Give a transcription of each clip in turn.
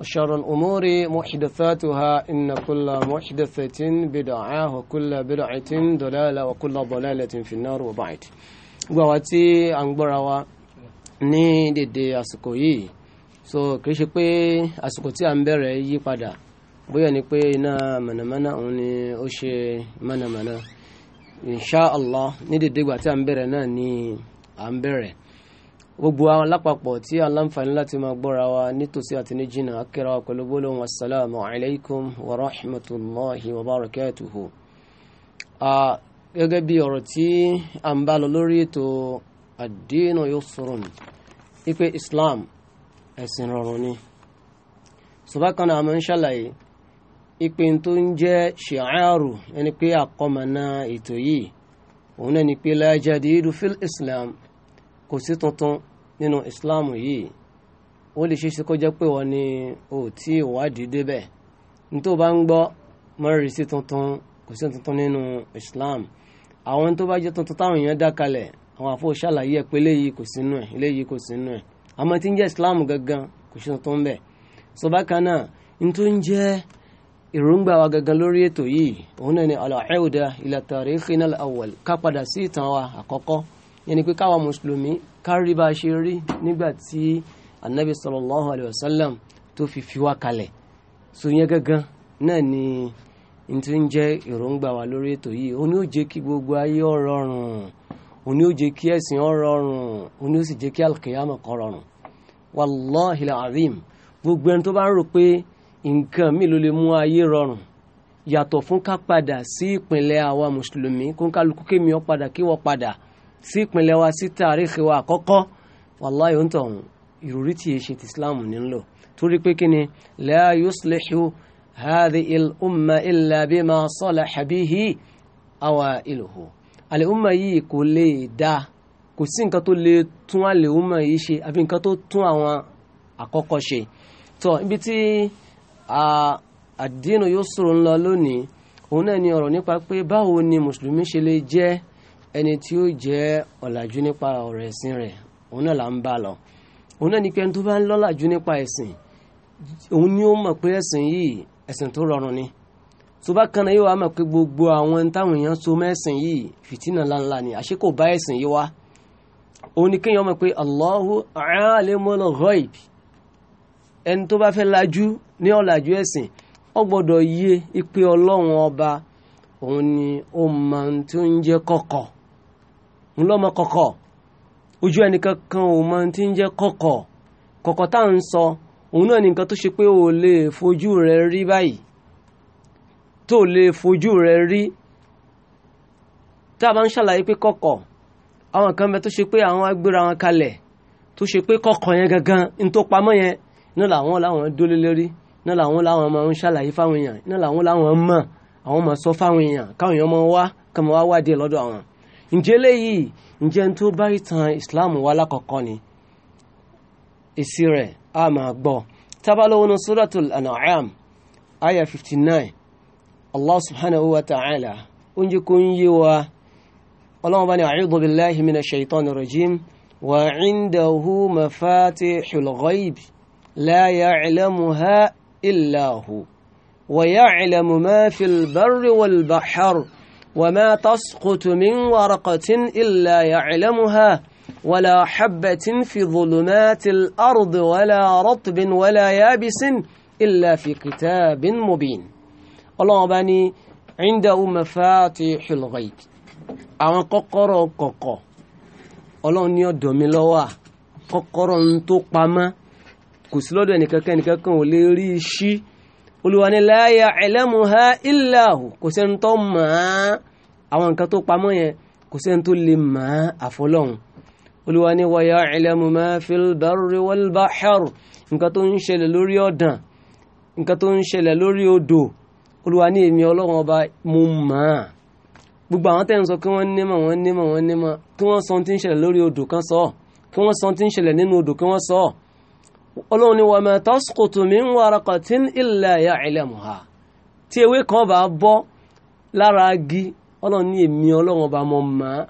وشر الأمور محدثاتها إن كل محدثة بدعة وكل بدعة ضلالة وكل ضلالة في النار وبعد gbàwátí à ń gbọ́ra wa ní so kìí ṣe pé àsìkò tí a ń bẹ̀rẹ̀ yí padà bóyá ni pé iná mànàmáná òun ni ó ṣe mànàmáná insha Allah ní dèdè ìgbà tí a ń bẹ̀rẹ̀ náà ni à ń bẹ̀rẹ̀ gbogbo àwọn lápapọ̀ tí a láǹfààní láti máa gbọ́ra wa nítòsí àti ní jìnnà akẹ́ra wa pẹ̀lú gbólóhùn wasalaamu alaykum wa rahmatulahi wa barakatuhu. gẹ́gẹ́ bí ọ̀rọ̀ tí a ń bá lọ lórí ètò ad-dinu yusrun ipe islam ẹ̀sìn rọrùn ni. subakana àmọ́ ń ṣàlàyé ipe tó ń jẹ́ ṣìáàrù ẹni pé àkọ́mọ̀nà ètò yìí òun náà ni pé la jadidu fil islam kò sí tuntun nínú islam yìí ó lè ṣeéṣe kó jẹ́ pé wọ́n ní o tí ìwádìí débẹ̀ nítò bá ń gbọ́ mọ́rìí sí tuntun kò sí tuntun nínú islam àwọn tó bá jẹ́ tuntun táwọn èèyàn dá kalẹ̀ àwọn àfọ ṣàlàyé ẹ̀ pé eléyìí kò sínú ẹ̀ eléyìí kò sínú ẹ̀ àmọ́ tí ń jẹ́ islam gangan kò sí tuntun bẹ́ẹ̀ sọ bákan náà n tó ń jẹ́ èròǹgbà wa gangan lórí ètò yìí òun náà ni al-auda ila tarikhina al-awwal ká padà sí ìtàn wa àkọ́kọ́ yẹn ni pé káwa mùsùlùmí kárí bá ṣe rí nígbà tí anabi sallallahu alayhi wa sallam tó fi fi wá kalẹ̀ so yẹn gangan náà ni n ti ń jẹ́ èròǹgbà wa lórí ètò yìí òun ni ó jẹ́ kí gbogbo ayé ó rọrùn òun ni ó jẹ́ kí ẹ̀sìn ó rọrùn òun ni ó sì jẹ́ kí alkiyama kó rọrùn wàláhìlà àríìm gbogbo ẹni tó bá ń rò pé nǹkan mi ló lè mú ayé rọrùn yàtọ̀ fún ká padà sí ìpínlẹ̀ àwa mùsùlùmí kó ń kálukú kémi ó padà kí wọ́n padà sí ìpínlẹ̀ wa sí tàríkì wa àkọ́kọ́ wàláyé ń tọ̀hún ìròrí tí yẹ ṣe ti islam nílò torí pé kí ni la yuslihu hadhihi al-umma illa bima salaha bihi awailuhu al-umma yìí kò lè dá kò sí nǹkan tó lè tún al-umma yìí ṣe àbí nǹkan tó tún àwọn àkọ́kọ́ ṣe tó ibi tí ad-dinu yusrun ń lónìí òun náà ni ọ̀rọ̀ nípa pé báwo ni mùsùlùmí ṣe lè jẹ́ ẹni tí ó jẹ́ ọ̀làjú nípa ọ̀rọ̀ ẹ̀sìn rẹ̀ òun náà là ń bá lọ òun náà ní pé ẹni tó bá ń lọ́làjú nípa ẹ̀sìn òun ni ó mọ̀ pé ẹ̀sìn yìí ẹ̀sìn tó rọrùn ni tó bá kan náà yóò wá mọ̀ pé gbogbo àwọn ẹni táwọn èèyàn so yìí fìtínà ńláńlá ni àṣé kò bá ẹ̀sìn yìí wá òun ni kéèyàn mọ̀ pé Allahu ẹni tó bá fẹ́ lajú ní ọ̀làjú ẹ̀sìn yé ipe ọlọ́run ọba òun ni ó mọ ohun ń lọ́mọ kọ̀kọ̀ ojú ẹnìkan kan ò mọ tí ń jẹ́ kọ̀kọ̀ kọ̀kọ̀ tá à ń sọ òun náà nìkan tó ṣe pé ò lè fojú rẹ̀ rí báyìí tó lè fojú rẹ̀ rí tá a bá ń ṣàlàyé pé kọ̀kọ̀ àwọn kan bẹ tó ṣe pé àwọn agbéra wọn kalẹ̀ tó ṣe pé kọ̀kọ̀ yẹn gangan ní tó pamọ́ yẹn náà làwọn làwọn dólé lérí náà làwọn làwọn máa ń ṣàlàyé fáwọn èèyàn náà làwọn làwọn mọ̀ àwọn máa sọ fáwọn èèyàn káwọn èèyàn máa wá kàmọ́ wá wádìí lọ́dọ̀ àwọn ǹjẹ́ léyìí ǹjẹ́ n tó bá ìtàn islam wà lákọ̀ọ́kọ́ ni èsì rẹ̀ a máa gbọ́ tábàlówó ní suratul an'am aya fifty nine allah subhanahu wa ta'ala ó ń jẹ́ kó ń yé wa ọlọ́run bá ní a'udhu billahi minash shaitani rajim wa 'indahu mafatihul ghaib la ya'lamuha illa hu wa ya'lamu ma fil barri wal وما تسقط من ورقة إلا يعلمها ولا حبة في ظلمات الأرض ولا رطب ولا يابس إلا في كتاب مبين الله بني عنده مفاتيح الغيب àwọn kọ́kọ́rọ́ kọ̀kọ̀ ọlọ́run ní ọ̀dọ̀ mi ló wà kọ́kọ́rọ́ ń tó pamọ́ kò sí lọ́dọ̀ olùwàní la ya'lamuha illa hu kò sẹ́ni tó mọ̀ á àwọn nǹkan tó pamọ́ yẹn kò sẹ́ni tó lè mọ̀ á àfọlọ́hún olùwàní wa ya'lamu ma fil barri wal bahri nǹkan tó ń ṣẹlẹ̀ lórí ọ̀dàn nǹkan tó ń ṣẹlẹ̀ lórí odò olùwàní èmi ọlọ́run ọba mo mọ̀ gbogbo àwọn tẹ́ ń sọ kí wọ́n nímọ̀ wọ́n nímọ̀ wọ́n nímọ̀ kí wọ́n sọ ohun ń ṣẹlẹ̀ lórí odò kan sọ kí wọ́n sọ ohun ń ṣẹlẹ̀ nínú odò kí wọ́n sọ ọlọ́run ni wa ma tasqutu min waraqatin illa ya'lamuha tí ewé kan bá bọ́ lára agi ọlọ́run ní èmi ọlọ́run ọba mọ̀ mọ́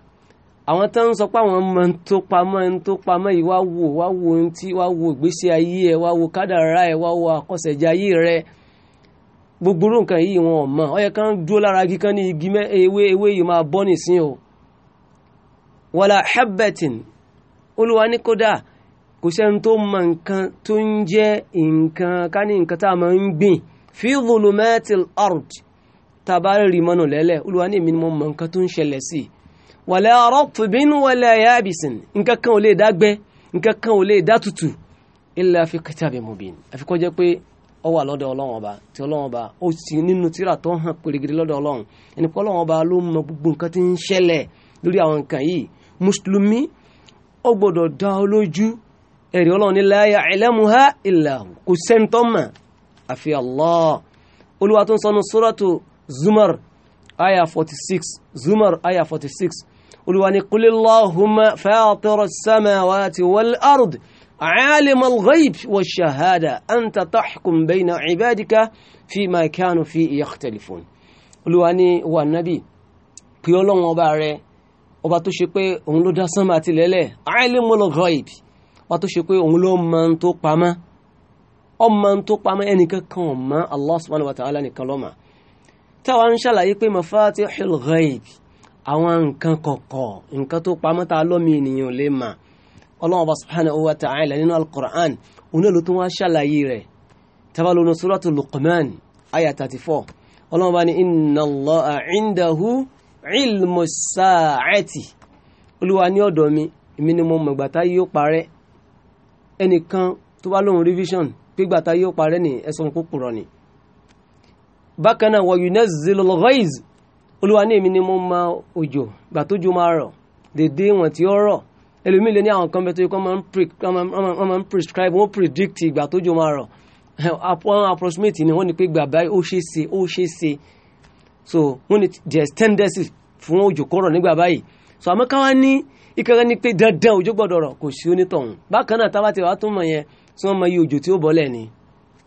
àwọn tó ń sọ pé àwọn ọmọ tó pamọ́ ẹni tó pamọ́ yìí wá wò wá wò ohun tí wá wò ìgbésí ayé ẹ wá wò kádàrá ẹ wá wò àkọsẹ̀já ayé rẹ gbogbo nǹkan yìí wọn ò mọ̀ ó yẹ dúró lára igi kan ní igi ewé ewé yìí máa bọ́ nìsín o wàlà habbatin olúwa ní kódà kò sẹ́ni tó mọ nǹkan tó ń jẹ́ nǹkan ká ní nǹkan tá a máa ń gbìn fi dhulumatil ard tá a bá rí ni mo mọ nǹkan tó ń ṣẹlẹ̀ sí i wala ratbin wala yabisin nǹkan kan ò lè dá gbẹ nǹkan kan ò lè dá tutù illa fi kitabin mubin àfi kó jẹ́ pé ó wà lọ́dọ̀ ọlọ́run ọba tí ọlọ́run ọba ó sì nínú tíra tó hàn pèrègèrè lọ́dọ̀ ọlọ́run ẹni pé ọlọ́run ọba ló mọ gbogbo nǹkan tí ń ṣẹlẹ̀ lórí àwọn nǹkan yìí mùsùlùmí ó gbọ́dọ̀ dá ọ lójú ẹ̀rí ọlọ́run ní la ya'lamuha illa hu kò sẹ́ńtọ́mà àfi Allah olúwa tó ń sọnu suratu zumar aya 46 zumar aya 46 olúwa ní qul Allahumma fatira samawati wal ard عالم الغيب والشهادة أنت تحكم بين عبادك فيما كانوا فيه يختلفون olùwàní wa nàbì pé ọlọ́run ọba rẹ ọba tó ṣe pé òun ló dá sánmà àti lẹ́lẹ̀ alimul ghaib wá tó ṣe pé òun ló mọ ohun tó pamọ́ ọmọ ohun tó pamọ́ ẹnìkan kan ò mọ̀ Allah subhanahu wa ta'ala nìkan ló mọ̀ táwa ń ṣàlàyé pé mafatihul ghaib àwọn nǹkan kọ̀kọ̀ nǹkan tó pamọ́ tá a lọ́mọ ènìyàn lè mà ọlọ́run bá subhanahu wa ta'ala nínú al òun ló tún wá ṣàlàyé rẹ̀ tabalónú suratu Luqman aya 34 ọlọ́run bá ní inna Allaha indahu ilmu sa'ati olúwa ní ọ̀dọ̀ mi èmi ni yóò parẹ́ ẹnìkan tó bá lóhun revision pígbà tá yóò parẹ́ ní ẹ̀sùn kúkúrọ̀ ni bákan náà wọ yunazzilul ghaiz olúwa ní èmi ni mo ma òjò gbà tó ju máa rọ̀ dédé wọn tí ó rọ̀ ẹlòmíì lè ní àwọn kan bẹ́ẹ̀ tó yẹ kó máa ń prescribe wọ́n predict ìgbà tó ju máa rọ̀ àwọn approximate ni wọ́n ní pé gbà báyìí ó ṣe é ṣe é so wọ́n ní there is tendency fún òjò kọ́rọ̀ nígbà báyìí so àmọ́ káwá ní ìkẹrẹ ni pé dandan òjò gbọ́dọ̀ rọ̀ kò sí onítọ̀hún bákan náà tábà tí wàá tún mọ yẹn tí wọn mọ iye òjò tí ó bọ́lẹ̀ ni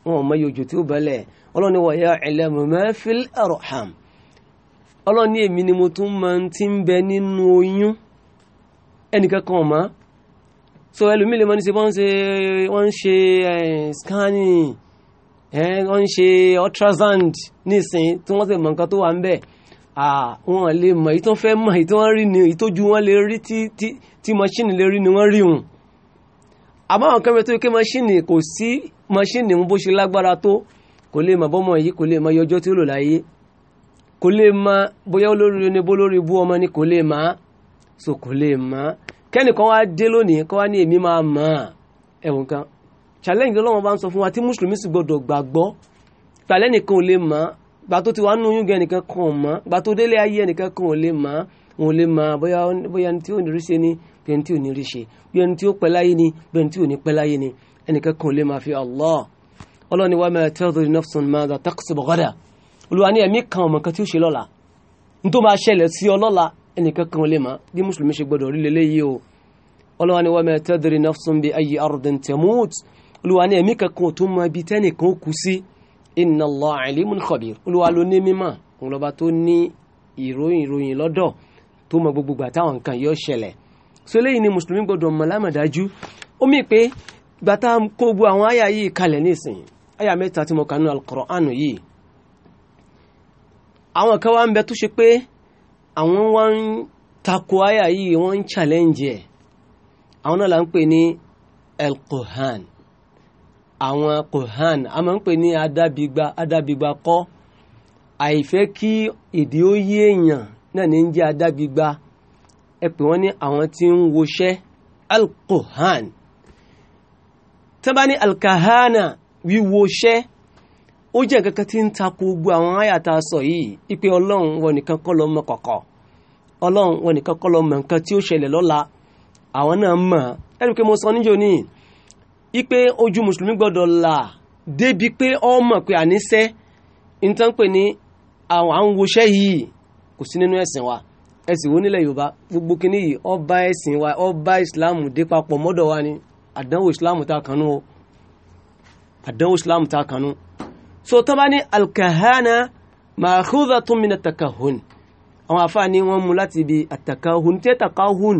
wọn mọ iye òjò tí ó bọ́lẹ̀ Ọlọ́run ni wa ya'lamu ma fil arham Ọlọ́run èmi ni mo tún mọ ti ń bẹ nínú oyún ẹnìkan kan so ẹlòmíì lè mọ ní ṣe ṣe wọ́n ń ṣe eh, scanning eh, wọ́n ń ṣe ultrasound nísìnyí tí wọ́n sì mọ nǹkan tó wà ń bẹ́ẹ̀ wọn lè mọ̀ èyí tó fẹ́ mọ̀ èyí tó wọ́n rí ni èyí tójú wọn lè rí tí mọ́ṣíìnì lè rí ni wọ́n rí wọn àmọ́ àwọn kẹ́mẹ́ tó yẹ kí mọ́ṣíìnì kò sí mọ́ṣíìnì bó ṣe lágbára tó kò lè mọ̀ bọ́mọ yìí kò lè mọ̀ yọjọ́ tí ó lò láyé kò lè mọ̀ bóyá olórí ni bó lórí bú ọmọ ni kò lè mọ̀ so kò lè mọ̀ kẹ́nìkan wá dé lónìí kọ́ wá ní èmi máa mọ̀ ẹ̀wọ̀n kan challenge lọ́wọ́ bá ń sọ fún wa tí mùsùlùmí sì gbọ́dọ̀ gbàgbọ́ gbà tó ti wà nínú oyún gan ẹnìkan kan ò mọ̀ gbà tó délé ayé ẹnìkan kan ò lè mọ̀ wọn ò lè mọ̀ bóyá bóyá ẹni tí ò ní rí ṣe ni bí ẹni tí ò ní rí ṣe bí ẹni tí ó pẹ́ láyé ni bí ẹni tí ò ní pẹ́ láyé ni ẹnìkan kan ò lè máa fi Allah ọlọ́ni wa ma tadri nafsun ma taksibu ghadan olùwà ní ẹ̀mí kan ọmọ kan tí ó ṣe lọ́la ní tó máa ṣẹlẹ̀ sí ọ ẹnìkan kan ò lè mọ̀ bí mùsùlùmí ṣe gbọdọ̀ rí lélẹ́yìí o ọlọ́wà inna Allah alimun khabir olúwa ló ní mímọ̀ òun lọ́ba tó ní ìròyìn ìròyìn lọ́dọ̀ tó mọ gbogbo ìgbà táwọn nǹkan yóò ṣẹlẹ̀ so eléyìí ni mùsùlùmí gbọdọ̀ mọ̀ lámàdájú ó mì pé ìgbà tá a kó gbogbo àwọn àyà yìí kalẹ̀ nísìnyí àyà mẹ́ta tí mo kà nínú al-Qur'anu yìí àwọn kan wá ń bẹ tó ṣe pé àwọn wá ń tako àyà yìí wọ́n ń challenge ẹ̀ àwọn náà là ń pè ní al àwọn Quran a máa ń pè ní adábigba adábigba kọ́ àìfẹ́ kí èdè ó yé èèyàn náà ní ń jẹ́ adábigba ẹ pè wọ́n ní àwọn tí ń woṣẹ́ alkohan tí wọ́n bá ní alkahana wíwoṣẹ́ ó jẹ́ nǹkan kan tí ń tako gbogbo àwọn àyàtà sọ yìí ipe ọlọ́run wọn nìkan kọ́ ló mọ̀ kọ̀kọ̀ ọlọ́run wọn nìkan kọ́ ló mọ̀ nǹkan tí ó ṣẹlẹ̀ lọ́la àwọn náà mọ̀ ẹ́ rí i mo sọ níjó níyì ipe ojú mùsùlùmí gbọ́dọ̀ là débi pé ọmọ pé àníṣẹ́ nítorí pé ní àwọn à ń woṣẹ́ yìí kò sí nínú ẹ̀sìn wa ẹ̀sìn wo nílẹ̀ yorùbá gbogbo kìíní yìí ọba ẹ̀sìn wa ọba ìsìláàmù dé papọ̀ mọ́dọ̀ wa ni àdánwò ìsìláàmù tá a o àdánwò ìsìláàmù tá a so tó bá ní alkahana ma'khudhatun min at-takahhun àwọn àfáà ni wọ́n mú láti ibi at-takahhun tí at-takahhun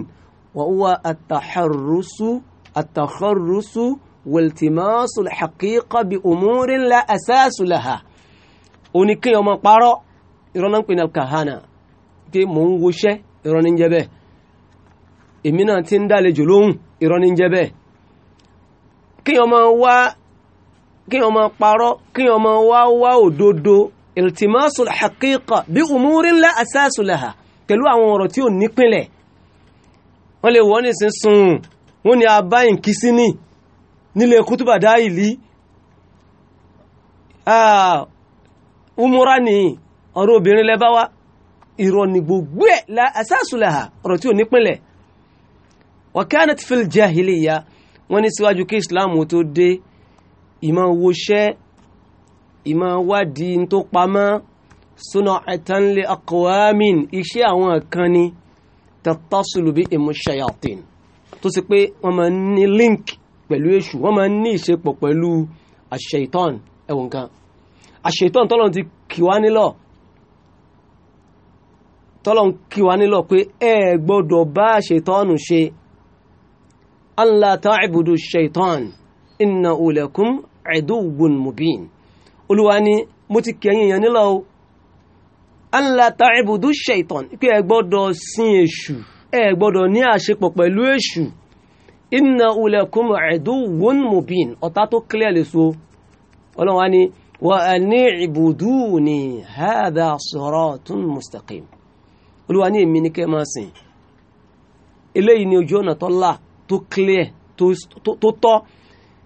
wa huwa at-taharrusu التخرص والتماس الحقيقة بأمور لا أساس لها oníkẹ́ ọmọ parọ́ ìrọ́nà ń pè ní alkahana pé mò ń woṣẹ́ ìrọ́ni ń jẹ́ bẹ́ẹ̀ èmi náà ti ń dálejò lóhùn ìrọ́ni ń jẹ́ bẹ́ẹ̀ kí ọmọ wá kí ọmọ parọ́ kí ọmọ wá wá òdodo iltimasul haqiqa bí umurin la asasu laha pẹ̀lú àwọn ọ̀rọ̀ tí ò nípìnlẹ̀ wọ́n lè wọ́n ní sísun wọ́n ní abá ìkísí ní nílé kútùbà dáìlì umura ní ọ̀rọ̀ obìnrin lẹ́bá wá ìrọ̀ ní gbogbo ẹ̀ asásùlẹ̀hà ọ̀rọ̀ tí ò nípínlẹ̀ wa kanat wọ́n ní síwájú kí islam tó dé ìmọ̀ wọṣẹ́ iṣẹ́ àwọn kan ni tattasulu bi imu tó ṣe pé wọ́n máa ń ní link pẹ̀lú èṣù wọ́n máa ń ní ìṣepọ̀ pẹ̀lú àṣetán ẹ̀wọ̀n nǹkan àṣetán tọ́lọ́n ti kì wá nílọ̀ tọ́lọ́n kì wá nílọ̀ pé ẹ gbọ́dọ̀ bá àṣetán ṣe allah ta'budu ṣetán innahu lakum aduwwun mubin olúwa ni mo ti kì ẹ̀yin èèyàn nílọ̀ o allah ta'budu ṣetán pé ẹ gbọ́dọ̀ sin èṣù ẹ gbọ́dọ̀ ní àṣepọ̀ pẹ̀lú èṣù innahu lakum aduwwun mubin ọ̀tá tó clear lè so ọlọ́run wa ni wa ani ibuduni hadha siratun mustaqim olúwa ní èmi ní kẹ́ máa sìn eléyìí ni ojú ọ̀nà tó là tó clear tó tọ́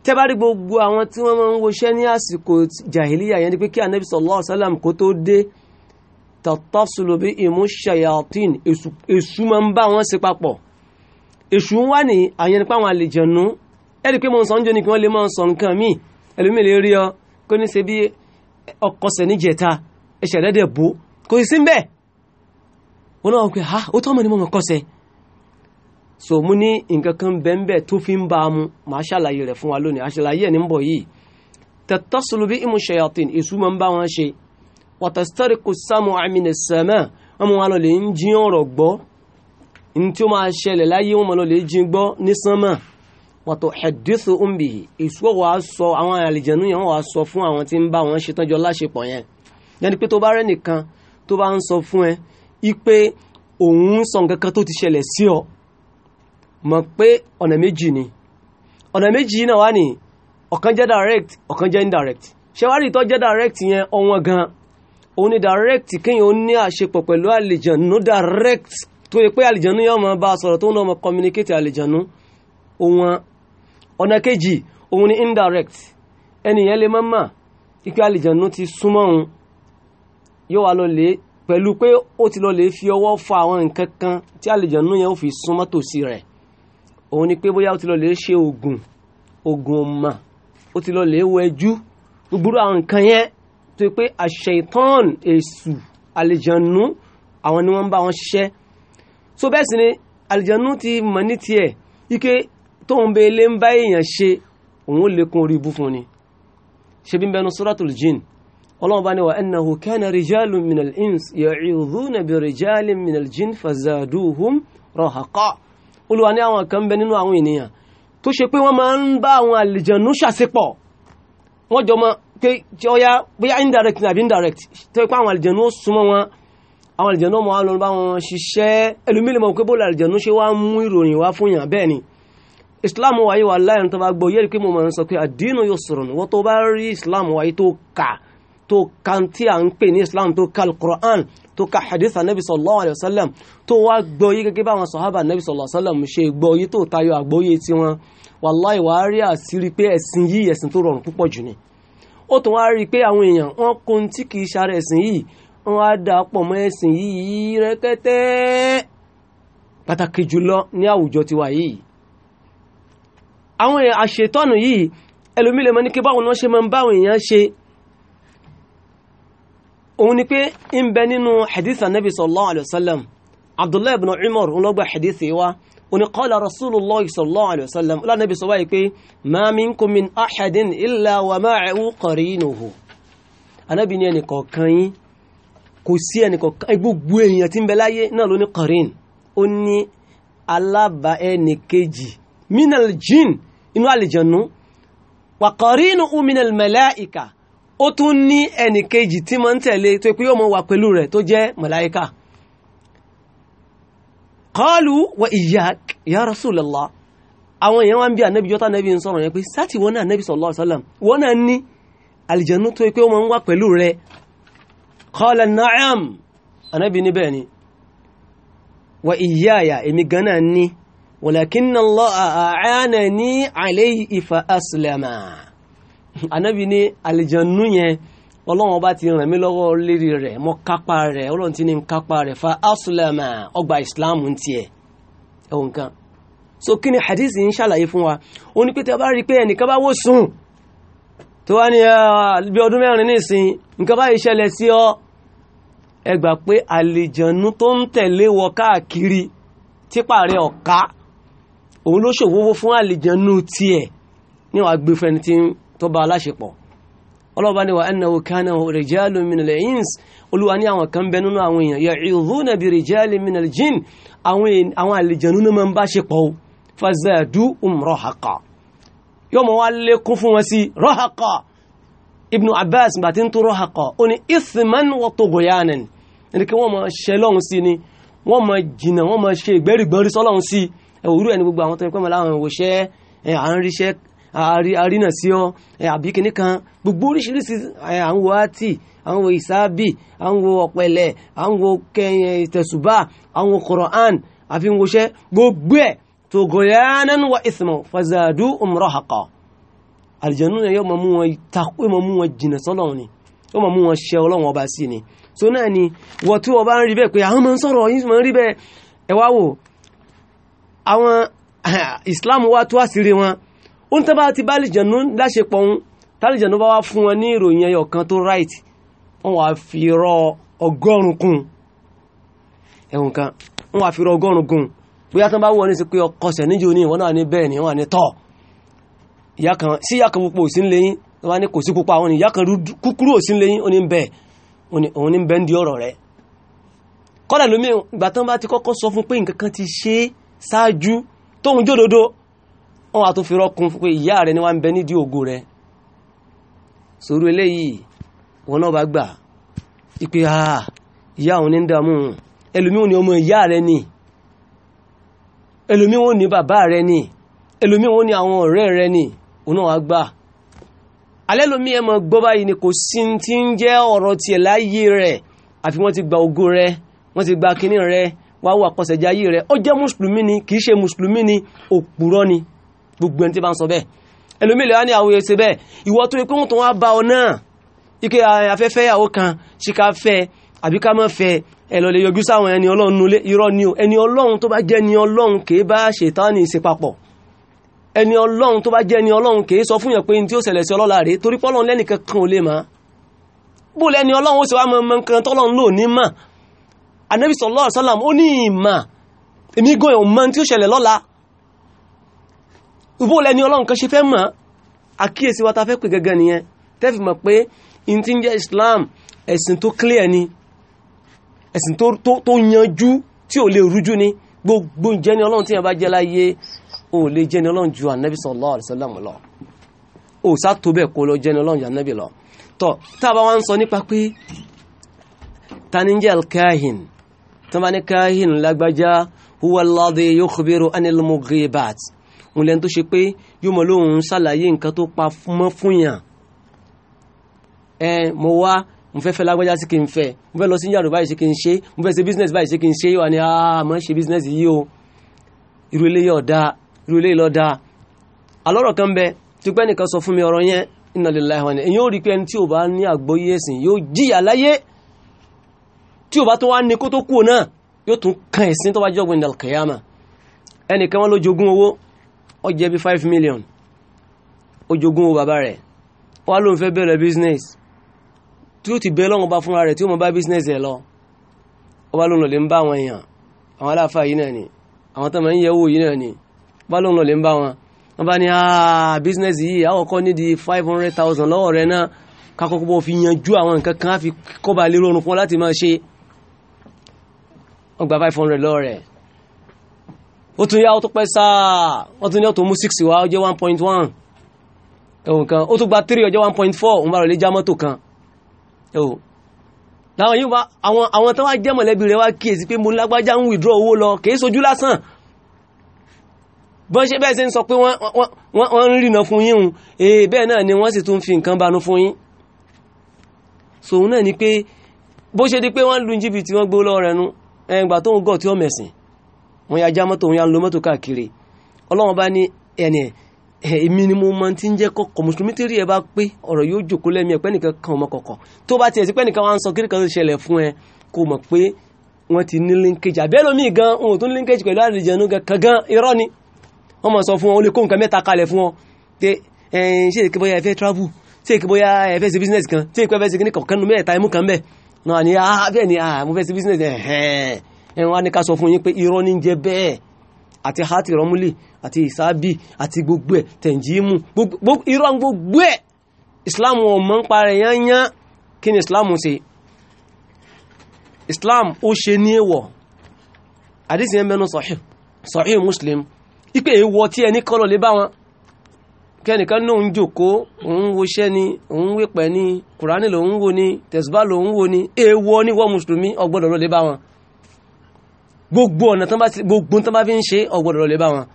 tẹ́bá rí gbogbo àwọn tí wọ́n máa ń woṣẹ́ ní àsìkò jàhìlíyà yẹn ni pé kí anabi sallallahu alaihi kó tó dé tàtàṣùlù bí ìmú ṣayatin èṣù máa ń bá wọn ṣe papọ̀ èṣù ń wá ní àyẹn nípa àwọn àlejànú ẹ̀rí pé mo ń sọ ń jẹ́ ni kí wọ́n lè máa sọ nǹkan míì ẹlòmíì rí ọ kó ní ṣe bí ọkọ̀ṣẹ̀ níjẹta ẹ̀ṣẹ̀ dẹ́dẹ̀ bò kò sí ń bẹ́ẹ̀ wọn náà pé ha ah, ó tọ́ mọ̀ ní mọ̀ kọ́ṣẹ̀ so mo ní nǹkan kan bẹ́ẹ̀ tó fi ń bá a mu màá ṣàlàyé rẹ̀ fún wa lónìí àṣàlàyé ẹ̀ ní ń bọ̀ yìí tàtàṣùlù bí ìmú ń bá wọn ṣe wàtàstẹ́rìkù sámù àmìnà sẹ́mẹ́ wọ́n mú wa lọ lè ń jí ọ̀rọ̀ gbọ́ ní tí ó máa ṣẹlẹ̀ láyé wọn lọ lè jí gbọ́ ní sánmà wàtò ẹ̀dísù ńbì èso wa sọ àwọn àlìjẹ̀nú yẹn wọ́n wa sọ fún àwọn tí ń bá wọn ṣe tánjọ láṣepọ̀ yẹn yẹn ni pé tó bá rẹ́ nìkan tó bá ń sọ fún ẹ ipe òun sọ nǹkan kan tó ti ṣẹlẹ̀ sí ọ mọ̀ pé ọ̀nà méjì ni ọ̀nà méjì náà wà ní ọ̀kan jẹ́ direct ọ̀kan jẹ́ indirect ṣé wàá direct yẹn ọ̀wọ́n gan-an ó ní direct kéèyàn ó ní àṣepọ̀ pẹ̀lú àlìjànú direct tó yẹ pé àlìjànú yóò máa bá a sọ̀rọ̀ tó ń náà máa communicate àlìjànú òun ọ̀nà kejì òun ni indirect ẹnìyẹn lè máa mà ike àlìjànú ti súnmọ́ òun yóò wá lọ lè pẹ̀lú pé ó ti lọ lè fi ọwọ́ fa àwọn nǹkan kan tí àlìjànú yẹn ó fi súnmọ́ tòsí rẹ̀ òun ni pé bóyá ó ti lọ ṣe oògùn oògùn ọmọ ó ti lọ lè wẹjú gbogbo àwọn nǹkan yẹn tó pé àṣeyìtàn èṣù àlejànú àwọn ni wọ́n ń bá wọn ṣiṣẹ́ so bẹ́ẹ̀ sì ni àlejànú ti mọ̀ ní tiẹ̀ ike tóun bẹ ilé ń bá èèyàn ṣe òun ó lékún orí ibú fún ni ṣe bí bẹnu suratul jinn ọlọ́run bá ní wa ẹnahu kana rijalun minal ins ya'udhuna bi rijalin minal jinn fazaduhum rahaqa olùwà ní àwọn kan bẹ nínú àwọn ènìyàn tó ṣe pé wọ́n máa ń bá àwọn àlejànú ṣàṣepọ̀ wọ́n jọ máa pé ọya bóyá indirect ní àbí indirect tó ipá àwọn àlìjẹ̀nú ó súnmọ́ wọn àwọn àlìjẹ̀nú ọmọ wọn lọ bá wọn ṣiṣẹ́ ẹlòmílẹ̀ mọ̀ pé bóòlù àlìjẹ̀nú ṣe wá mú ìròyìn wá fún yàn bẹ́ẹ̀ ni islam wáyé wà láyé tó bá gbọ́ yẹ́rì pé mo máa sọ pé àdínú yóò sọ̀rọ̀ ní wọ́n tó bá rí islam wáyé tó kà tó ka tí à ń pè ní islam tó ka alukur'an tó ka hadith anabi sallallahu alayhi wa sallam tó wá gbọ́ yí gẹ́gẹ́ báwọn sahaba anabi sallallahu alayhi wa sallam ṣe gbọ́ yí tó tayọ àgbọ́yé tiwọn wàláì wàá rí àṣírí pé ẹ̀sìn yìí ẹ̀sìn tó rọrùn púpọ̀ jù ni ó tún wá rí i pé àwọn èèyàn wọ́n kó ohun tí kìí ṣara ẹ̀sìn yìí wọ́n á dà pọ̀ mọ́ ẹ̀sìn yìí rẹ́kẹ́tẹ́ pàtàkì jùlọ ní àwùjọ tiwa yìí àwọn àṣetọ́nù yìí ẹlòmí mọ́ ní kí báwọn náà ṣe máa ń báwọn èèyàn ṣe òun ni pé ń bẹ nínú hadith anabi sallallahu alayhi wa sallam abdullahi ibn umar ń lọ́gbà hadith wa oni qala rasulullah sallallahu alayhi wa sallam ọlá nàbí sọ báyìí pé ma minkum min ahadin illa wa ma'ahu qarinuhu anábì ní ẹnì kọ̀ọ̀kan yín kò sí ẹnì kọ̀ọ̀kan gbogbo èèyàn tí ń bẹ láyé náà ló ní qarin ó ní alábà ẹnì kejì minal jin inú àlìjànú wa qarinuhu minal malaika ó tún ní ẹnì kejì tí máa ń tẹ̀lé tó pé yóò mọ wà pẹ̀lú rẹ̀ tó jẹ́ màláìka qalu wa iyyak ya Rasulullah àwọn èèyàn wá ń bí ànábì jọ́ta ànábì ń sọ̀rọ̀ yẹn pé sáti wọ́n náà ànábì sallallahu alaihi wasallam wọ́n náà ní àlìjẹ̀nú tó pé wọ́n wá pẹ̀lú rẹ̀ qala na'am ànábì ní bẹ́ẹ̀ ni wa iyaya èmi gan náà ní walakinna Allaha a'anani alayhi fa aslama ànábì ní àlìjẹ̀nú yẹn ọlọ́run ọba ti ràn mí lọ́wọ́ lérí rẹ̀ mọ́ kápá rẹ̀ ọlọ́run ti ní kápá rẹ̀ fa asulama ọgbà Islam ń tiẹ̀ ẹ̀wọ̀n kan so kí ni hadith ń ṣàlàyé fún wa ó ní pé tí a bá rí i pé ẹnìkan bá wò sùn tó wá ní bí ọdún mẹ́rin nísìn nǹkan báyìí ṣẹlẹ̀ sí ọ ẹ gbà pé àlejànú tó ń tẹ̀lé wọ káàkiri típa rẹ̀ ọ̀ka òun ló ṣòwòwò fún àlejànú tiẹ̀ níwàá gbé fẹ́ni tí tó bá aláṣepọ̀ ọlọ́ba ni wà annahu kana rijalun min al-ins olúwa ní àwọn kan bẹ nínú àwọn èèyàn ya'udhuna bi rijalin min al-jinn àwọn àlìjẹ̀nú ní ma ń bá ṣe pọ̀ fazaduhum rahaqa yóò mọ̀ wá lékún fún wọn sí rahaqa ibn abbas bá ti ń tó rahaqa ó ní ithman wa tughyanan ní kí wọ́n mọ̀ ṣe àrínà sí ọ́n àbí kìíní kan gbogbo oríṣiríṣi à ń wo àti à ń wo ìsáàbì à ń wo ọ̀pẹ̀lẹ̀ à ń wo tẹ̀sùbà à ń wo Qur'an àfi ń woṣẹ́ gbogbo ẹ̀ tó goyanan wa ismu fazadu umrahaqa àlìjẹ̀nú náà yóò máa mú wọn takú máa mú wọn jìnà sọ́lọ́run ni yóò máa mú wọn ṣe ọlọ́run ọba sí ni so náà ni wọ́n tí wọ́n bá ń rí bẹ́ẹ̀ pé àwọn máa ń sọ̀rọ̀ yìí máa ń rí bẹ́ẹ̀ ẹ wá wò àwọn Islam wá tó àṣírí wọn ó ń tẹ́bá ti bá àlìjànú láṣepọ̀ ń tálìjànú bá wá fún wọn ní ìròyìn ẹyọ kan tó right wọ́n wá fi rọ ọgọ́rùn kún ẹ̀hùn kan wọ́n wá fi rọ ọgọ́rùn kún bóyá tán bá wọ́n ní sí pé ọkọ̀sẹ̀ níjó ní ìwọ́n náà ní bẹ́ẹ̀ ni wọ́n ní tọ́ ìyá kan sí ìyá kan púpọ̀ òsín lẹ́yìn wọ́n ní kò sí pupa àwọn ìyá kan kúkúrú òsín lẹ́yìn ó ní bẹ́ẹ̀ òun ní bẹ́ẹ̀ ń di ọ̀rọ̀ rẹ̀ kọ́lá lómi ìgbà tán bá ti kọ́kọ́ sọ fún pé nǹkan kan ti ṣe ṣáájú tóun jódodo wọ́n wà tó fi rọ́kun pé ìyá rẹ̀ ni wọ́n ń bẹ nídìí ògo rẹ̀ sòrò eléyìí wọn náà bá gbà ipe ha ìyá òun ní ń dààmú ẹlòmíhùn ni ọmọ ìyá rẹ̀ ni ẹlòmíhùn ni bàbá rẹ̀ ni ẹlòmíhùn ni àwọn ọ̀rẹ́ rẹ̀ ni òun náà wá gbà alẹ́ lomi ẹ gbọ́ báyìí ni kò sí ti ń jẹ́ ọ̀rọ̀ tiẹ̀ láyé rẹ̀ àfi wọ́n ti gba ògo rẹ̀ wọ́n ti gba kinní rẹ̀ wá wà kọsẹ̀jáyé rẹ̀ ó jẹ́ mùsùlùmí ni kì í ṣe mùsùlùmí ni òpùrọ́ ni gbogbo ẹni tí bá ń sọ bẹ́ẹ̀ ẹlòmílẹ̀ á ní àwọn èsè bẹ́ẹ̀ ìwọ tó ikú tó wá bá ọ náà ike afẹ́fẹ́ ìyàwó kan ṣe ká fẹ́ àbí ká má fẹ́ ẹlọ́lẹ̀ yọjú sáwọn ẹni ọlọ́run nulẹ̀ irọ́ ni o ẹni ọlọ́run tó bá jẹ́ ni ọlọ́run kìí bá ṣètánì ṣe papọ̀ ẹni ọlọ́run tó bá jẹ́ ni ọlọ́run kìí ní tí ó ṣẹlẹ̀ sí ọlọ́la tí ó ṣẹlẹ̀ lọ́la ìbò lẹ́ni ọlọ́run kan ṣe fẹ́ mọ̀ àkíyèsí wa ta fẹ́ pè gẹ́gẹ́ nìyẹn tẹ́fì mọ̀ pé in ti ń jẹ́ Islam ẹ̀sìn tó clear ni ẹ̀sìn tó yanjú tí ò lè rújú ni gbogbo ìjẹni ọlọ́run tí yẹn jẹ́ láyé ò lè jẹni ọlọ́run ju ànábì sọ nípa òun lẹ́nu tó ṣe pé yóò mọ lóun ṣàlàyé nǹkan tó pa mọ́ fún yàn ẹ mo wá mo fẹ́ fẹ́ lágbájá sí kí n fẹ́ mo fẹ́ lọ sí yàrá báyìí ṣe kí n ṣe mo fẹ́ ṣe business báyìí ṣe kí n ṣe wà ní àmọ́ ah, ṣe business yìí o irú ilé yọ̀ dáa irú ilé lọ dáa alọ́rọ̀ kan bẹ tí pẹ́ nìkan sọ fún mi ọ̀rọ̀ yẹn inna lillahi wa inna èyí ò rí pé ẹni tí ò bá ní àgbọ́yé ẹ̀sìn yóò jìyà láyé tí ò bá tó wá ní kó tó kú náà yóò tún kan ẹ̀sìn tó bá jọ́gbìn dàlkẹ́yàmà ẹnìkan ó jẹ bí five million Ojogun jogún wo bàbá rẹ̀ wá ló ń fẹ́ business tí ó ti bẹ lọ́wọ́ bá fúnra rẹ̀ tí ó mọ bá business ẹ̀ lọ ó bá ló ń lọ lè ń bá àwọn èèyàn àwọn aláfáà yìí náà ni àwọn tó máa ń yẹwò yìí náà ni ó bá ló lọ lè ń bá wọn wọn bá ní ah, business yìí àwọn kọ́ five hundred thousand lọ́wọ́ rẹ̀ náà kakọ́kọ́ bọ́ fi yanjú àwọn nǹkan kan á fi kọ́ba lérò orun fún ọ láti máa ṣe ọgbà five hundred lọ́wọ́ rẹ̀ ó tún yá ó tún pẹ́ sáà wọ́n tún ní ọ̀tún mú 6 wá ó jẹ́ 1.1 ẹ̀wọ̀n kan ó tún gba 3 ó jẹ́ 1.4 òun bá rọ̀ lé já mọ́tò kan ẹ̀wọ̀n láwọn yíò bá àwọn tó wá jẹ́ mọ̀lẹ́bí rẹ̀ wá kíyèsí pé mo lágbájá ń withdraw owó lọ kìí sojú lásán bọ́n ṣe bẹ́ẹ̀ ṣe ń sọ pé wọ́n ń rìnà fún yíhun èè eh, bẹ́ẹ̀ náà ni wọ́n sì tún fi nǹkan banú fún yín sòun náà ni pé bó ṣe di pé wọ́n lu jìbìtì wọ́n gbó lọ́rẹ̀ẹ́nu ẹgbà tó ń gọ̀ tí ó mẹ̀sìn wọ́n yà já mọ́tò wọ́n yà ń lo mọ́tò káàkiri ọlọ́wọ́n bá ní ẹni èmi ni mo máa ti ń jẹ́ kọ̀kọ̀ mùsùlùmí tí rí ẹ bá pé ọ̀rọ̀ yóò jòkó lẹ́mí ẹ pẹ́nìkan kan ọmọ kọ̀kọ̀ tó bá tiẹ̀ sí pẹ́nìkan wá ń sọ kí nìkan ṣẹlẹ̀ fún ẹ kó mọ̀ pé wọ́n ti ní linkage àbẹ́ lómi gan ohun tó ní linkage pẹ̀lú àlùjànnú kankan irọ́ ni wọ́n mọ̀ sọ fún wọn ó lè kó nǹkan mẹ́ta kalẹ̀ fún wọn pé ṣé èké bóyá ẹ fẹ́ travel ṣé èké bóyá ẹ fẹ́ ṣe business kan ṣé èké bóyá ẹ fẹ́ ṣe kíní kọ̀ọ̀kan nu mẹ́ta ẹmú kan bẹ́ẹ̀ náà ni ah bẹ́ẹ̀ ni ah mo fẹ́ ṣe business ẹ̀hẹ́n ẹ̀wọ̀n á ní ká sọ fún yín pé irọ́ ní jẹ́ bẹ́ẹ̀ àti hati rọmúlì àti ìsábì àti gbogbo ẹ̀ tẹ̀njímù irọ́ gbogbo ẹ̀ islam ọmọ ń parẹ̀ yányá kí ni islam ṣe islam ó ṣe ní èwọ̀ àdísì yẹn mẹ́nu sahih sahih muslim ipe èèwọ̀ tí ẹni kọ́ lọ lé bá wọn kẹ́nìkan náà ń jòkó òun woṣẹ́ ni òun wípẹ̀ ni kùránì lòun wo ni tẹ̀síbá lòun wo ni èèwọ̀ ni wọ́n mùsùlùmí ò gbọ́dọ̀ bá wọn gbogbo ọ̀nà tán bá ti gbogbo tán bá fi ń ṣe ọ̀gbọ̀dọ̀ lọ́lẹ̀ bá wọn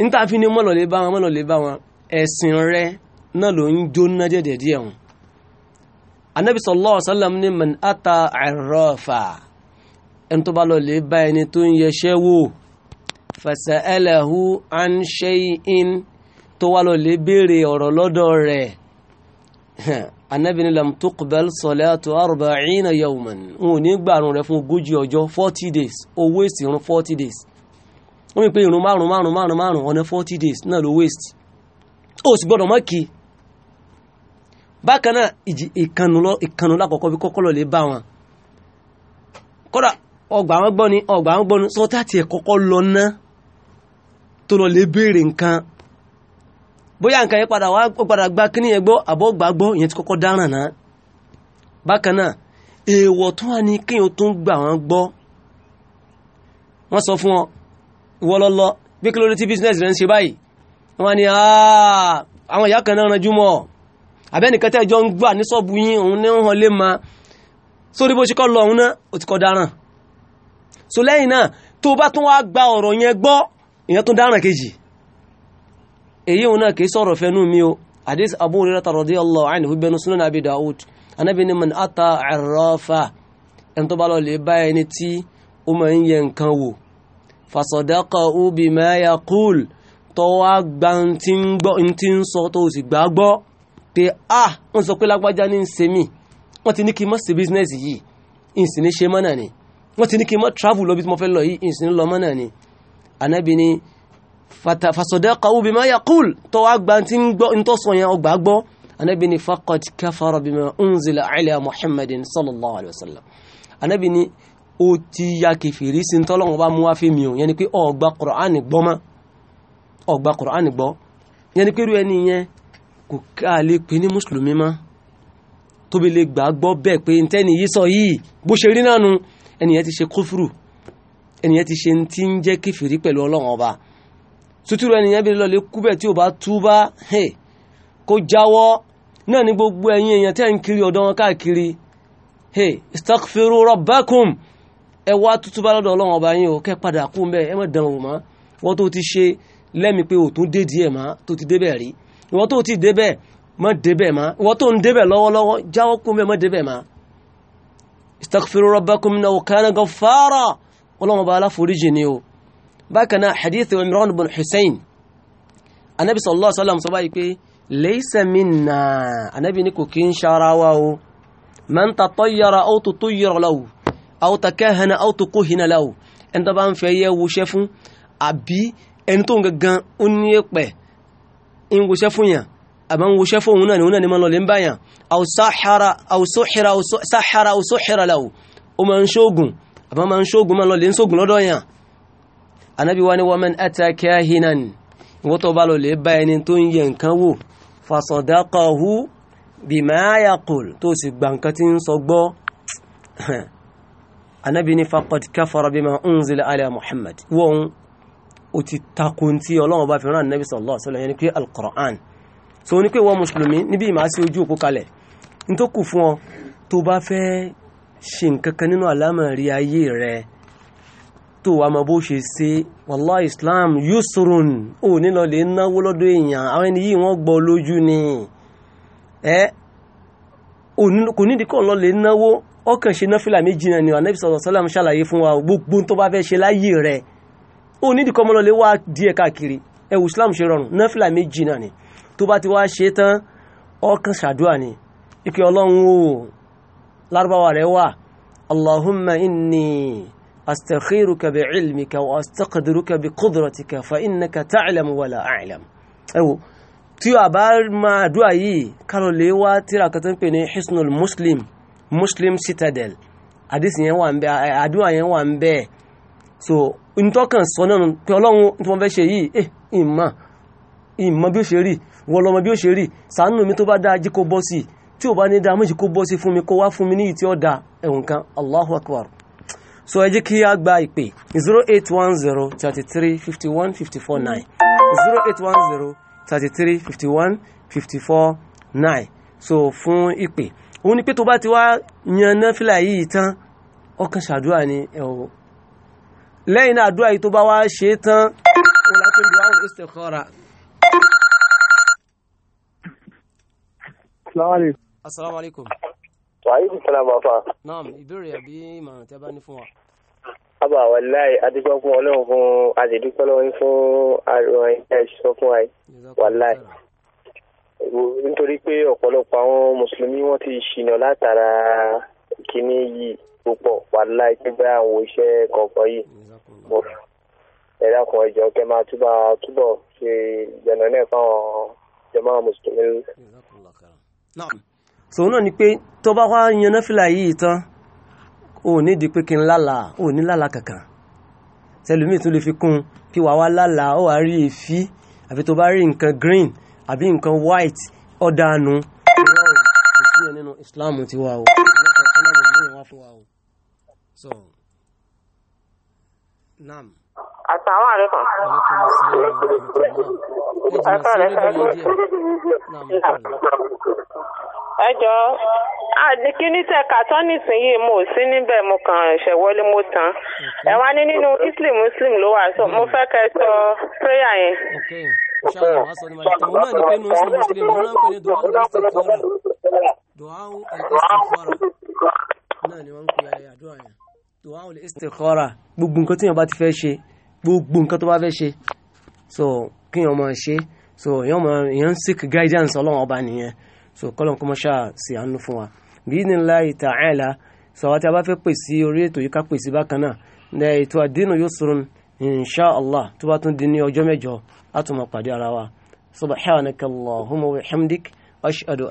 níta fi ni mọ́lọ̀lẹ̀ bá wọn mọ́lọ̀lẹ̀ bá wọn ẹ̀sìn rẹ náà ló ń jóná jẹ́jẹ́ díẹ̀ wọn. anabi sallallahu alaihi ní man ata arrafa ẹni tó bá lọ́lẹ̀ bá ẹni tó ń yẹṣẹ́ wò fasa'alahu an shay'in tó wá lọ́lẹ̀ béèrè ọ̀rọ̀ lọ́dọ̀ rẹ̀ anabi ni lam tuqbal salatu arba'ina yawman wọn ò ní gbàrún rẹ fún ogójì ọjọ́ forty days o waste irun forty days wọ́n mi pé irun márùn márùn márùn márùn ọ̀nà forty days náà ló waste o sì gbọ́dọ̀ mọ́ kí bákan náà ìkànnù lákọ̀ọ́kọ́ bí kọ́kọ́lọ̀ lè bá wọn kódà ọgbà wọn gbọ́ ni ọgbà wọn gbọ́ ni sọ tá tiẹ̀ kọ́kọ́ lọ ná tó lọ lè béèrè nǹkan bóyá nǹkan yẹn padà wá padà gba kíní yẹn gbọ́ àbọ̀ gbàgbọ́ ìyẹn ti kọ́kọ́ dáràn náà bákan náà èèwọ̀ tó wà ní kéèyàn tó ń gbà wọ́n gbọ́ wọ́n sọ fún ọ ìwọ lọ́lọ́ bí kí ló dé tí bísínẹ́sì rẹ̀ ń ṣe báyìí wọ́n ní àwọn ìyá kan náà ranjú mọ́ àbẹ́nìkan tẹ́jọ́ ń gbà ní sọ́ọ̀bù yín òun ní hàn lé ma sórí bó ṣe kọ́ lọ òun náà ó ti kọ́ dáràn so lẹ́yìn náà tó bá tún wá gba ọ̀rọ̀ yẹn gbọ́ ìyẹn tó dáràn kejì èyí òun náà kìí sọ̀rọ̀ fẹ́nu mi o hadith abu hurairah radiyallahu anhu bẹnu sunan abi dawud anabi ni man ata arrafa ẹni tó bá lọ lè bá ẹni tí ó máa ń yẹ nǹkan wò fasadaqahu bima yaqul tó wá gba ti ń gbọ́ ti ń sọ tó sì gbà gbọ́ pé a ah, ń sọ pé lágbájá ní ń wọ́n ti ní kí n má ṣe bísínẹ́sì yìí ìsìn ní ṣe mọ́nà ni wọ́n ti ní kí n má travel lọ bí mo fẹ́ lọ yìí ìsìn ní lọ mọ́nà ni anabi ni fasodaqahu bima yaqul tó wá gba tí ń gbọ́ ń tó sọ yẹn ọgbà gbọ́ anabi ni faqad kafara bima unzila ala muhammadin sallallahu alayhi wa sallam anabi ni ó ti ya kẹfìrí sí tọ́lọ́wọ́n bá mú wá fi mi yẹn ni pé ọgbà qur'an gbọ́ yẹn ni pé irú ẹni yẹn kò ká lè pè ní mùsùlùmí mọ́ tóbi lè gbà gbọ́ bẹ́ẹ̀ pé ntẹ́ni yìí sọ yìí bó ṣe rí náà ẹni yẹn ti ṣe kófùrù ẹni yẹn ti ṣe ti ń jẹ́ kẹfìrí pẹ̀lú ọlọ́wọ́n ọba sotiri ẹnìyẹn bí lọlẹ kúbẹ tí o bá túbá kó jáwọ́ náà ní gbogbo ẹ̀yin èèyàn tẹ́ ń kiri ọ̀dọ̀ wọn káàkiri istaghfiru rabbakum ẹ wá tútúbá lọ́dọ̀ Ọlọ́run ọba yín o kẹ́ padà kú mbẹ ẹ má dàn wò mọ́ wọn tó ti ṣe lẹ́mi pé òtún dé díẹ̀ mọ́ tó ti débẹ̀ rí ìwọ tó ti débẹ̀ má débẹ̀ mọ́ ìwọ tó ń débẹ̀ lọ́wọ́lọ́wọ́ jáwọ́ kú mbẹ má débẹ̀ mọ́ istaghfiru rabbakum náà kana ghaffara Ọlọ́run ọba aláforíjì ni o bákan náà hadith imran bin hussein anabi sallallahu alaihi wasallam sọ báyìí pé laysa minna anabi ní kò kí ń ṣara wa o man tatayyara aw tutayyara lahu aw takahana aw tukuhina lahu ẹni tó bá ń fẹ́ yẹ wuṣẹ́ fún àbí ẹni tó ń gangan ó ní ẹ̀pẹ̀ ń wuṣẹ́ fún yàn àbá ń wuṣẹ́ fún òun náà ni òun náà ni máa lọ lè ń bá yàn aw sahara aw suhira aw sahara aw suhira ó máa ń ṣóògùn àbá máa ń ṣóògùn máa lọ lè ń ṣóògùn lọ́dọ̀ yàn anabi wa ni wa man ata kahinan ìwọ́n tó bá lọ lè bá ẹni tó ń yẹ nǹkan wò fasadaqahu bima yaqul tó sì gba nǹkan tí ń sọ gbọ́ anabi ni faqad kafara bima unzila ala muhammad wọ́n o ti takun tí ọlọ́run bá fi rán anabi sallallahu alaihi wasallam yẹn ni alqur'an so ní pé wọ́n mùsùlùmí níbi ìmọ̀ àti ojú òkú kalẹ̀ ní tó kù fún ọ tó bá fẹ́ ṣe nǹkan kan nínú àlámọ̀rí ayé rẹ̀ tó wà mọ́ bó ṣe ṣe wàlá islam yusrun ò nílọ lè náwó lọ́dọ̀ èèyàn àwọn ẹni yìí wọ́n gbọ́ lójú ni ẹ kò nídìí kàn lọ lè náwó ọkàn ṣe náfìlà méjì náà ni anabi sallallahu alaihi ṣàlàyé fún wa gbogbo tó bá fẹ́ ṣe láyé rẹ̀ ò nídìí kọ́ mọ́lọ́lé wá díẹ̀ káàkiri ẹwù islam ṣe rọrùn náfìlà méjì náà ni tó bá ti wá ṣe tán ọkàn ṣàdúrà ni ike ọlọ́run o lárúbáwá rẹ̀ wà allahumma inni. أستخيرك بعلمك وأستقدرك بقدرتك فإنك تعلم ولا أعلم أو tí a bá máa dúà yìí kálọ̀ lè wá tíra kan tó ń pè ní hisnul muslim muslim citadel àdísì yẹn wà ń bẹ àdúà yẹn wà ń bẹ so ntọ́kàn sọ náà pé ọlọ́run tí wọ́n fẹ́ ṣe yìí eh ìmọ̀ ìmọ̀ bí ó ṣe rí wọ́n lọ́mọ bí ó ṣe rí sàánù mi tó bá dáa jí kó bọ́ sí tí ò bá ní dáa méjì kó bọ́ sí fún mi kó wá fún mi ní ìtí ọ̀dà ẹ̀wọ̀n kan Allahu akbar so ẹ jẹ́ kí a gba ìpè zero eight one zero thirty three fifty one fifty four nine zero eight one zero thirty three fifty one fifty four nine so fún ìpè òun ni pé tó bá ti wá yan náfìlà yìí tán ọkàn ṣàdúrà ni ẹ o lẹ́yìn náà àdúrà yìí tó bá wá ṣe é tán òun láti lu àwọn istikhara. asalaamualeykum. wàhálà ìsìn sálábà fà. naam ìbéèrè àbí a bá ní fún wa àbá wàláì adúgbò fún ọlọ́run fún àdìdúpẹ́ lọ́wọ́ fún àrùn àìsàn sọ fún wa wàláì nítorí pé ọ̀pọ̀lọpọ̀ àwọn mùsùlùmí wọ́n ti ṣìnà látara kínní yìí púpọ̀ wàláì gbígbá àwọn iṣẹ́ kọ̀ọ̀kan yìí mo ẹ dákun ẹjọ kẹ máa túbà túbọ̀ ṣe ìjẹ̀nà náà fáwọn jàmá mùsùlùmí. sòun náà ni pé tó bá wá yan náfìlà yìí tán o ní di pé kí n lálàá o ní lálàá kankan tẹlumi tún lè fi kún kí wàá wá lálàá ó wàá rí èéfí àfi tó bá rí nǹkan green àbí nǹkan white ọ̀dàánú. kò sí yẹn nínú Islam ti wá o lọ́kàn ìsọ́nàbọ̀ ló yẹn wá fún wa o. so nam. asalaamualeykum. wàlúùkọ́ ṣe ẹ jọ kíní tẹ kàtọ́ nísìnyí mo sí níbẹ̀ mo kàn ṣẹ̀ wọlé mo tán ẹ wá ní nínú Muslim Muslim ló wà so mo hmm. fẹ́ kẹ́ sọ prayer yẹn. ṣáà wàá sọ ní màlẹ́ tòun náà ní pé nínú Muslim Muslim wọn náà ń pè ní dùn án gbogbo nǹkan tí yẹn bá ti fẹ́ ṣe gbogbo nǹkan tó bá fẹ́ ṣe so kí yẹn máa ṣe so yẹn máa yẹn ń guidance ọlọ́run ọba nìyẹn so kọ́lọ̀ kọ́ mọ́ ṣáà sí àánú fún wa bi'idhnillahi ta'ala sọ̀wá tí a bá fẹ́ pè sí orí ètò yìí ká pè sí bákan náà ní ètò ad-dinu yusrun insha allah tó bá tún di ní ọjọ́ mẹ́jọ á tún máa pàdé ara wa subhanakallahumma wa bihamdik ashhadu